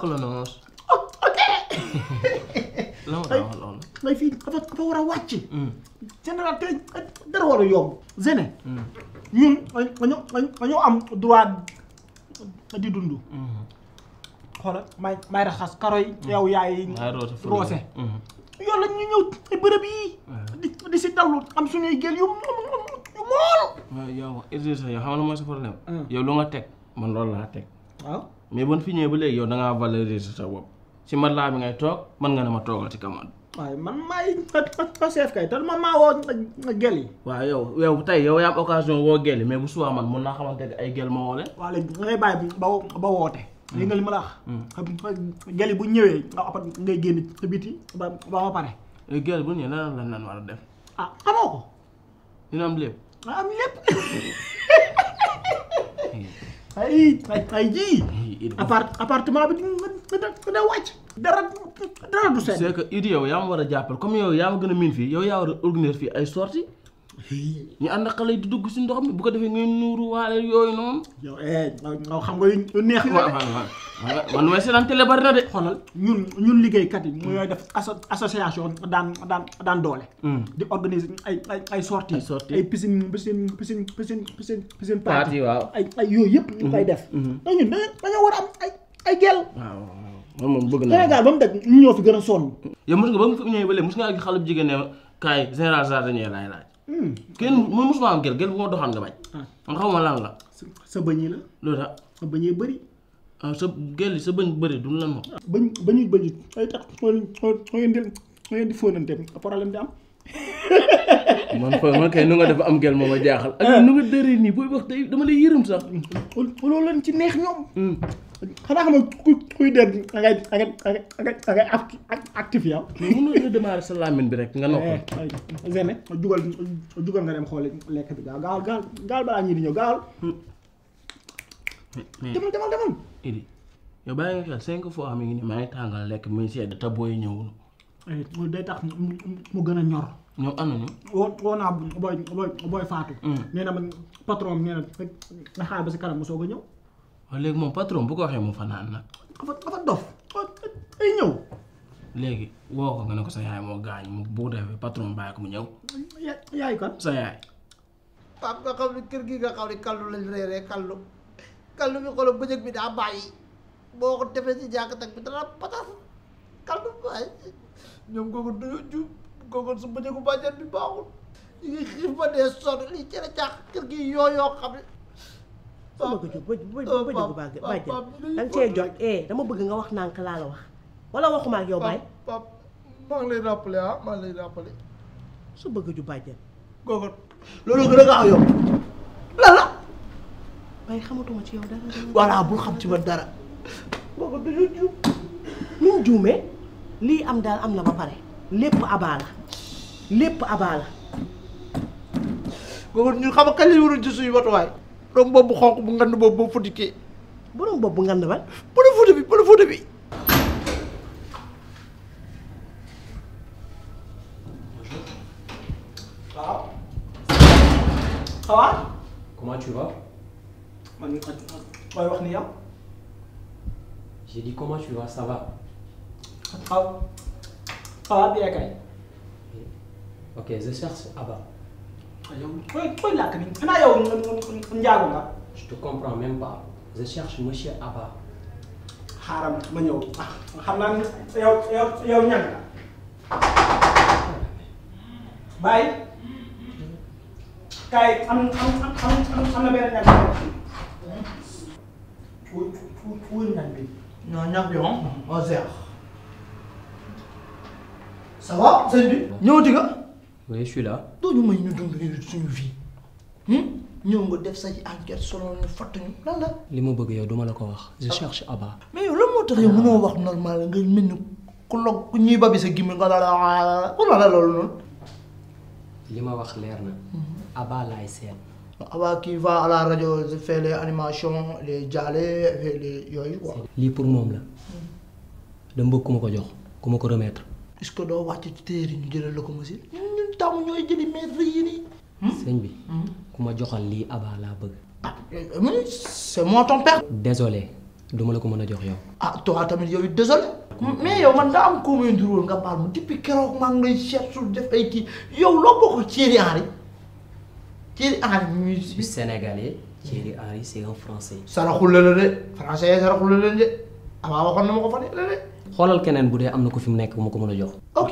takkuloonoo. lan la wax loolu. mais fii dafa dafa war a wàcc. général tey dara war a yomb. zene. ñun dañoo dañoo am droit di dund. xoolal may may raxas karo yi. yow yaay roose. yoon la ñu ñëw bërëb yi. di di si dallu am suñuy gél yu yu mool. waaw yow Idrissa yow xam nga mooy sa problème. yow lu nga teg man loolu laa teg. waaw. mais bon fi ñëwee ba léegi yow da ngaa valoriser sa bopp si man laa bi ngay toog mën nga ne ma toogal ci commande. waaw man maay chef kay te man maa woo gel yi. waaw yow yow tey yow yaa am woo gel yi mais bu suba man mun naa xamante ne ay gel ma woo leen. waaw ngay bàyyi ba woote. Hmm. li ma la wax. Hmm. gel yi bu ñëwee nga apat ngay génn ci biti ba ba ma pare. Eh, gel bu ñëwee nan la nan war a def. ah xamoo ko. dina am lépp. am lépp. ay ay ji. appart appartement bi dina wàcc. dara dara du seen. c'est que Idy yow yaa ma war a jàppal comme yow yaa ma gën a miin fii yow yaa war a organiser fii ay sorties ñu ànd ak xale yi di dugg si ndox mi bu ko defee ngeen nuuru waale yooyu noonu. yow eh xam nga yu neex na de. waaw man mooy seetaan télé bari na de. xoolal ñun ñun liggéeykat yi. mooy def association daan daan daan doole. Hmm. di organiser ay ay ay sorties. ay sorties ay piscine piscine piscine piscine piscine party waaw ay ay yooyu yëpp. ñu koy hmm. def. Hmm. te ñun dañoo war a am ay ay gel. waaw moom bëgg naa Sénégal ba mu daj ñu ñoo fi gën a sonn. yow mos nga ba mu fi ñëwee ba léegi mos ngaa gis xale bu jigéen ne kaay général Sarr dañuy laaj laaj. kenn mu mosuma am gel gel bu ko doxaan nga bañ. Ah. man xaw ma lan la. sa bëñ yi la. loolu la sa bëñ yi bëri. ah sa gel sa bëñ bëri du lan moom. bañ bañu bañu ay tax soo leen soo leen di fóonante problème di am. man fooy man kay nu nga def am gel moom a jaaxal. ak nu nga dëree nii booy wax tey dama lay yërëm sax. loolu lañ ci neex ñoom. Hmm. xanaa xam nga ku kuy der dangay dangay dangay dangay actif yow. mais mënuloo nga démarrer sa lamine bi rek nga noppal. Eh, Zene jugal jugal nga dem xooli lekk bi gaaw gaaw gaaw gaaw balaa ñii di ñëw gaaw. Hmm. Hmm. demal demal demal. Idi yow bàyyi nga xel cinq fois mi ngi nii maa ngi tàngal lekk muy sedd te booy ñëwul. Eh, day tax mu gën a ñor. ñoom am nañu. woo woo naa booy booy booy faatu. nee mm. ma patron bi nee na ba si kanam mu soog a ñëw. waaw léegi moom patron bu ko waxee mu fanaan nag. dafa dafa dof ay ñëw. léegi woo ko nga ne ko sa yaay moo gaañ mu bu defee patron bàyyi ko mu ñëw. yaay kan sa yaay. pap nga xam ne kër gi nga xam ne kallu lañ reeree kallu kallu bi xoolal bëjëg bi boo ko defee si jàkk tag bi dana kooku su bëjëgu bàjjan bi baaxul ñu ngi xiif ba dee sonn lii cere caax kër gi yoo yoo xam ne sama ko jóg bëjëgu bàjjan da nga jot eh dama bëgg nga wax nànk laa la wax wala waxuma ak yow baay pap maa ngi ah, su bëgg ju bàjjan kooku loolu gën a gaaw yow lan la waaye xamatuma ci yow dara voilà bul xam ci man dara lii am daal am na ba pare lépp abaa lépp abaa la boobu ñun xam nga kañ lañ war a gis suñu watuwaay borom boobu xonq bu ngand boobu boobu futti kii borom boobu bu ngand ban borom futti bi borom futti bi waaw ça va comment tu vas man mooy wax ni yow j'ai ok je cherche Abba. yow koy koy làkk nii xanaa yow njaago nga. je te comprends même pas je cherche monsieur ma ñëw ah xam naa ne yow yow yow ñan la. Baye. kaay am am am am na benn ñan pour pour pour ñan bi. non ñan bi moom. on se ça va sëñ bi. ñëwati oui je suis là. doo ñu may ñu dund suñu vie ñëw nga def say enquête solo ñu fàttali lan la. li ma bëgg yow duma la ko wax. je ah. cherche Abba. mais yow lan moo tax yow ah. ñuy babi sa gimmi nga ah, la wala la loolu li ma wax leer na. Abba laay seet. Abba yooyu quoi. lii pour moom la. dama bëgg ku ko jox ku ko remettre. est-ce que doo wàcc ci ñu jëlal la ko monsieur. taamu ñooy jëli maître yi nii. Hmm? sëñ bi. Hmm? ku ma joxal lii abaa laa bëgg. ah euh, mais c'est moi ton père. désolé duma la ko mën a jox yow. ah toi tamit yow hmm, mais yow man daa am nga baal ma depuis keroog ay kii yow loo bokk Thierry Henry Thierry Henry musique sénégalais Thierry Henry c'est na ko fa de la de. xoolal keneen bu dee am na ko fi mu nekk bu ma ko mën a jox. ok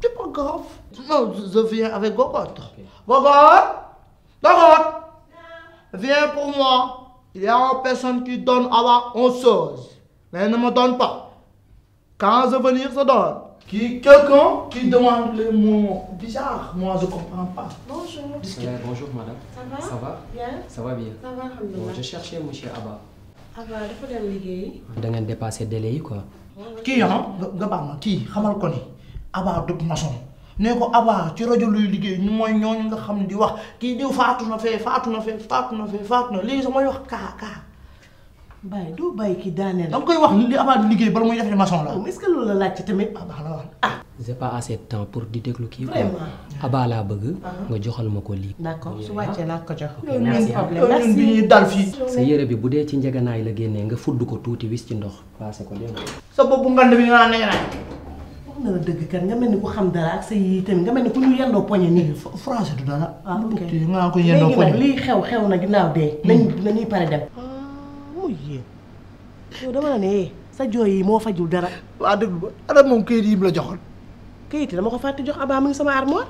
c'est pas grave. Non, je viens avec Gogotte. Okay. Gogotte Viens pour moi. Il y a une personne qui donne à la chose. Mais elle ne me donne pas. Quand je venir, je donne. Qui, quelqu'un qui demande les mots bizarres, moi je ne comprends pas. Bonjour. Euh, va Ça va va bien. Ça va, bon, Je cherchais monsieur Abba. Abba, dafa dem liggéey. da ngeen dépassé délai yi quoi. kii ah nga baal ma ne ko abaa ci rajo luy liggéey ñu mooy ñooñu nga xam di wax kii diw faatu na fee faatu na fee faatu na fee faatu na léegi samay wax kaa kaa bàyyi doo bàyyi ki daaneel da nga koy wax li abaa di liggéey bala muy def ne maçon la est-ce que loolu la laaj ci tamit abaa la wax ah j'ai pas assez de temps pour di déglu kii vraiment abaa laa bëgg ah. nga joxal ma ko lii d'accord su wàccee laa ko jox ñun bi ñuy dal fii sa yére bi bu dee ci njeganaay la génnee nga fudd ko tuuti wis ci ndox passé ko dé sa bopp ngand bi nga naan wax na la dëgg xam dara ak sa yii tamit nga mel ni ku ñu ah, xew xew na ginnaaw dee. Hmm. nañu nañuy pare dem. Ah, muy eh, sa jooy yi moo fajul dara. waa déglu ba adam moom kayit yi mu la joxoon. kayit yi dama ko fàtte jox abaa mu ngi sama armoire.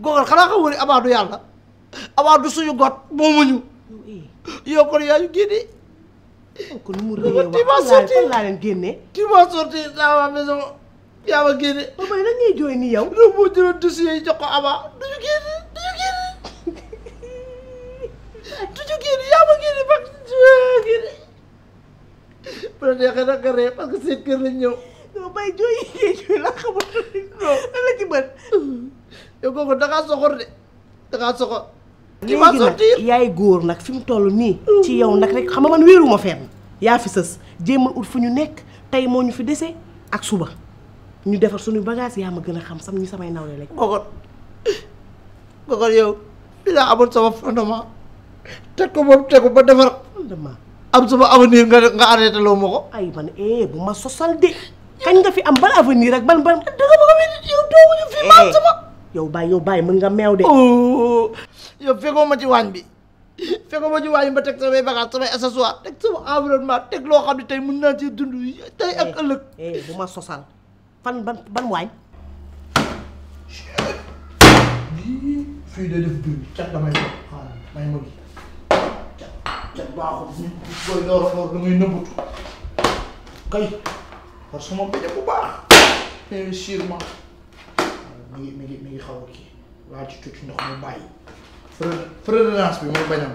goxal xanaa xamoo ne abaa du yàlla abaa du suñu got moomuñu. yow eh. kon yaa génne. kon mu réew wax laa sorti dans maison. yaa ma génne. ba pare lan jooy ni yow. loolu jox ko Aba du nag nga ree parce que seen lañ ñëw. dama da ngaa soxor de da yaay góor nag fi mu toll nii. ci yow nag rek xam nga man wéeru ma fenn. yaa fi sës jéemal ut fu ñu nekk tey moo ñu fi dese ak suba. ñu defar suñu bagage yaa ma gën a xam sam ñi samay nawle lañ. Bokar Bokar yow dinaa amoon sama fondement teg ko moom tegu ba defar. fondement am sama avenir nga nga arrêté loo ma ko. ay man eh bu ma sosal de kañ nga fi am ban avenir ak ban ban. danga ma ko wér yow tooguñu fi mm. ma am sama. yow bàyyi yow bàyyi mën nga meew de. Oh, yow fekkoo ma ci waañ bi fekkoo ma ci waañ bi ba teg samay bagages samay accessoires teg sama environnement teg loo xam ne tey mën naa ci dund tey ak eh, ëllëg. Eh, fan ban ban waañ. fii de def biir cat damay toog may ma gi cat cat baaxul nit booy door a door da ngay nëbbutu kay parce que moom daje bu baax investir ma mi ngi mi ngi mi ngi xaw a kii laa ci tuuti ndox mu bàyyi. fre fréquence bi mooy bañam.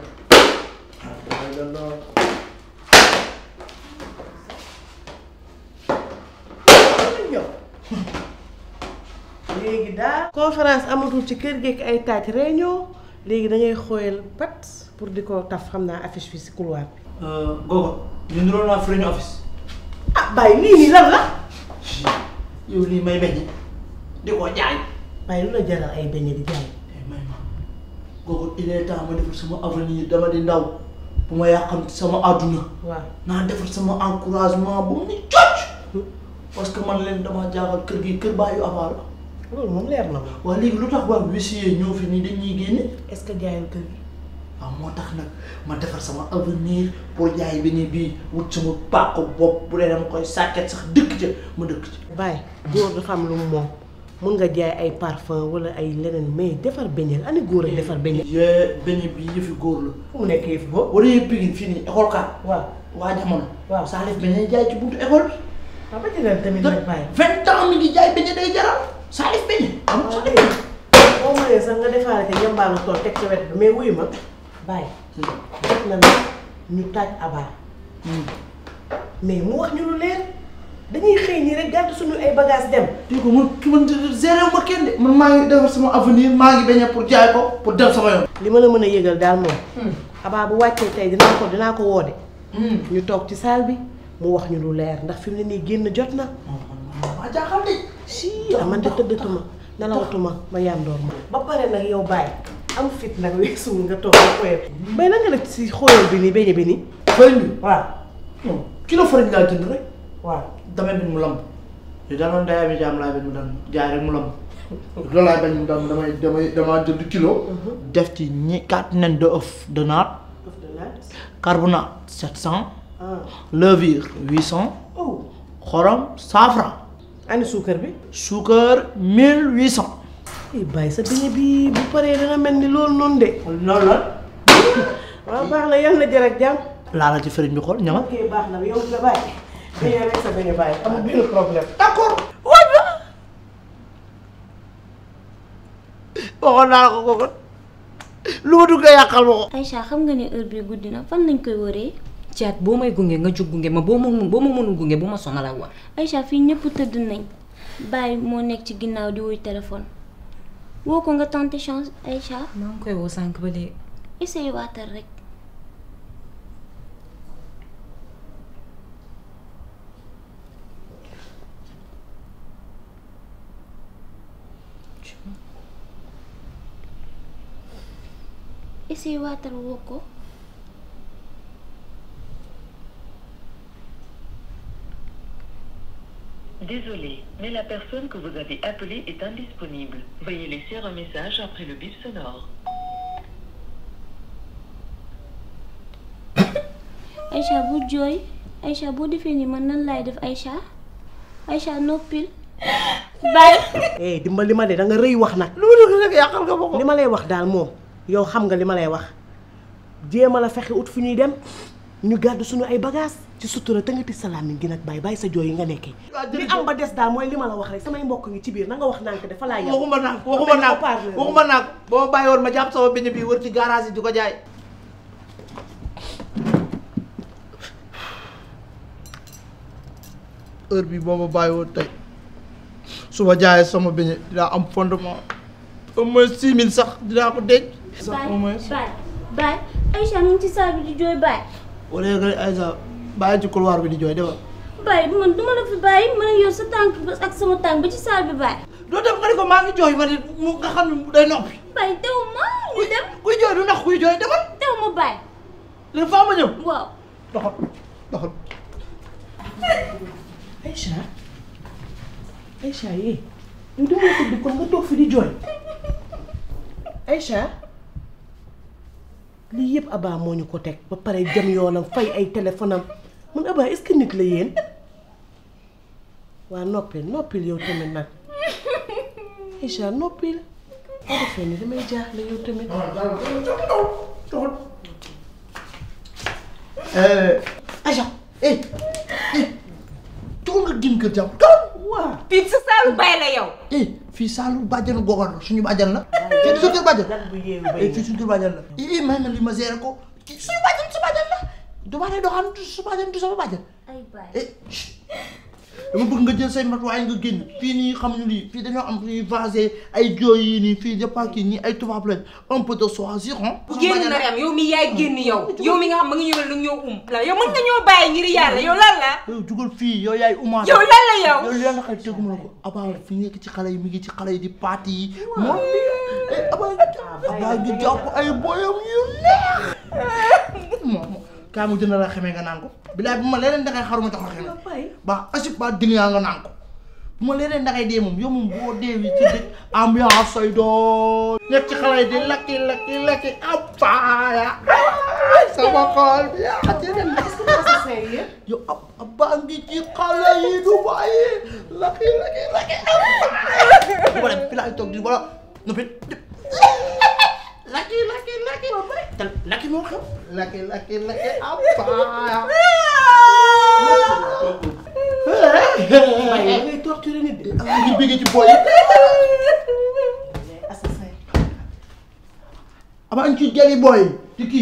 léegi daal conférence amatul ci kër geek ay taaj réunion léegi da ngay xooyal pat pour di ko taf xam naa affiche bi si couloir bi. Euh, Gogo ñu niroon naa fi office. ah may bañ di ko lu la jaral ay bañ di jaay. Eh, may ma Gogo il est ma defar sama avenir dama di ndaw bu ma yàqam sama àdduna. waaw naa defar sama encouragement bu mu ni cocc. Hmm? parce que man leen damaa jaaxal kër gi kër baa yu avaar loolu moom leer na ma. waaw léegi lu tax waa huissier ñoo fi nii dañuy génne. est-ce que jaayul kër waaw moo tax nag ma defar sama avenir boo jaay bi ni bii wut sama pàqu bopp bu dee dama koy sàkket sax dëkk ca ma dëkk ca. bàyyi góor dafa am lu moom mun nga jaay ay parfum wala ay leneen mais defar beñeel ani góor a defar beñeel. yee beñe bi yëfi góor la. fu mu nekk yëfi góor. wala yëpp Pikine fii nii école kaar. waaw waa jamono. waaw Salif beñe jaay ci buntu école Salif beñe amul Salif beñe. boo mënee sax nga defaale ko yambaanu tool teg ci wet bi mais wuyu ma bàyyi. def na nag ñu taaj abaa. Hmm. mais mu wax ñu lu leer dañuy xëy ñi rek gàtt suñu ay bagages dem. dégg ko man ki man zéré ma kenn de man maa ngi defar sama avenir maa ngi bañ pour jaay ko pour dem sama yoon. li ma la mën a yëgal daal moom. Hmm. abaa bu wàccee tey dinaa ko dinaa ko woode. Hmm. ñu toog ci salle bi mu wax ñu lu leer ndax fi mu ne nii génn jot na. Oh, si yow man de tëddatuma nelawatuma ba yàndoor ma ba pare nag yow bàyyi am fit nag weesuwul nga toog ba xooyal bay na nga nag si xooyal bi nii beñe bi nii dama bi mu jaam laa bi mu daan jaay mu lamb loolu laay bañ mu daan damay jënd kilo mhm. def ci ñi quatre nen de œuf de naat carbonate sept cent ah. levure huit cent oh. xorom cent francs ani suukar bi. suukar 1800. eh bàyyi sa beignet bi bu paree dana mel ni loolu noonu de. waaw baax na yàlla na jërë ak jàmm. laalal ci fëriñ bi xool ñama. ok baax na yow nga bàyyi. dañuy rek sa beignet bàyyi waxoon naa ko ko kon lu ma dugg yàqal ma ko. Aïcha xam nga ne heure bii guddi na fan lañ koy wëree. caat boo may gunge nga jug gunge ma boo ma boo ma bu ma sonal ak waa. Aïcha fii ñëpp tëdd nañ bàyyi moo nekk ci ginnaaw di wuy téléphone woo ko nga tenté chance Aïcha. maa ngi koy woo sànq ba léegi. essayé woo ko. Désolé, mais la personne que vous avez appelée est indisponible. Veuillez laisser un message après le bip sonore. Aïcha bu jooy Aïcha boo defee nii man nan laay def Aïcha Aïcha noppil bàyyi. Eh, dimbal li ma de da rëy wax nag. lu dul rek yàqal nga ma ko. li ma lay wax daal moom yow xam nga li ma lay wax jéem a la fexe ut fu ñuy dem. ñu gàddu suñu ay bagages ci sutura tëngati salaam gi nag bàyyi bàyyi sa jooy yi nga nekkee. Ah, li am ba des daal mooy li ma la wax rek samay mbokk ngi ci biir na nga wax naan ko dafa laa yàq. waxuma naan waxuma naan waxuma boo bàyyi woon ma jàpp sama benn bii wër ci garage yi di ko jaay. heure bi boo ma bàyyi woon tey su ma jaayee sama beñe dinaa am fondement au moins sax dinaa ko denc. sax au baay baay Aïcha mu ci saal bi di jooy baay. wala yow kay Aïssa bàyyi ci couloir bi di jooy demal. bàyyi duma la bàyyi mën a yor sa tànk ak sama tànk ba ci saal bi bàyyi. doo dem nga ne ko maa ngi jooy ma nga xam ne noppi. bàyyi teew ma ñu dem. kuy jooy du ndax kuy jooy demal. teew ma bàyyi. léegi faa ma ñëw. waaw doxal doxal. Aïcha Aïcha yee. yow dama la tudd kon nga toog fi di jooy Aïcha. lii yëpp Abba moo ñu ko teg ba pare jëm yoonam fay ay téléphone am man Abba nit la yéen waa noppil noppil yow tamit nag Aïcha jaaxle yow tamit. Euh. Aïcha eh eh nga dim kër jàmm. waaw saalu bay la eh, fii saalu bàjjanu gogoon la suñu bàjjan la. fii du suñu kër bàjjan. lan la. na eh, li ma gérer ko kii suñu bàjjan la du ma lay doxal su bàjjan du sama bàjjan. dama bëgg nga jël say matuwaay nga génn fii nii xam xamuñu lii fii dañoo am fii vasé ay fii jëppaak yi nii ay tubaab lañ on peut te choisir hein génn na yow mi yaay génn yow yow mi nga xam ma nga ñëw la ñoo um la yow mën nga ñoo bàyyi ngir yàlla yow lan la jugal fii yow yaay umaa yow lan la yow yow lan la xel teguma la ko abaa fi nekk ci xale yi mu ngi ci xale yi di paati yi moom eh, abaa ngi jàpp ay boyam yu neex moom kaa mu dina la xamee nga naan ko bilaay bu ma leneen da ngay xaruma tax la ba asib ba dingaa nga naan ko bu ma leeneen da yow moom boo dee wi ci dëkk am yaa say doon ñetti xale lakki lakki lakki am faaya sama xol ci xale yi du lakki lakki lakki am faaya bu ma dem lakki lakki lakki te lakki moo lakki lakki lakki am faaya ah! maa ngi lay torturer nit de. Ah, ah. ci booy yi. ci jëli booy yi. ci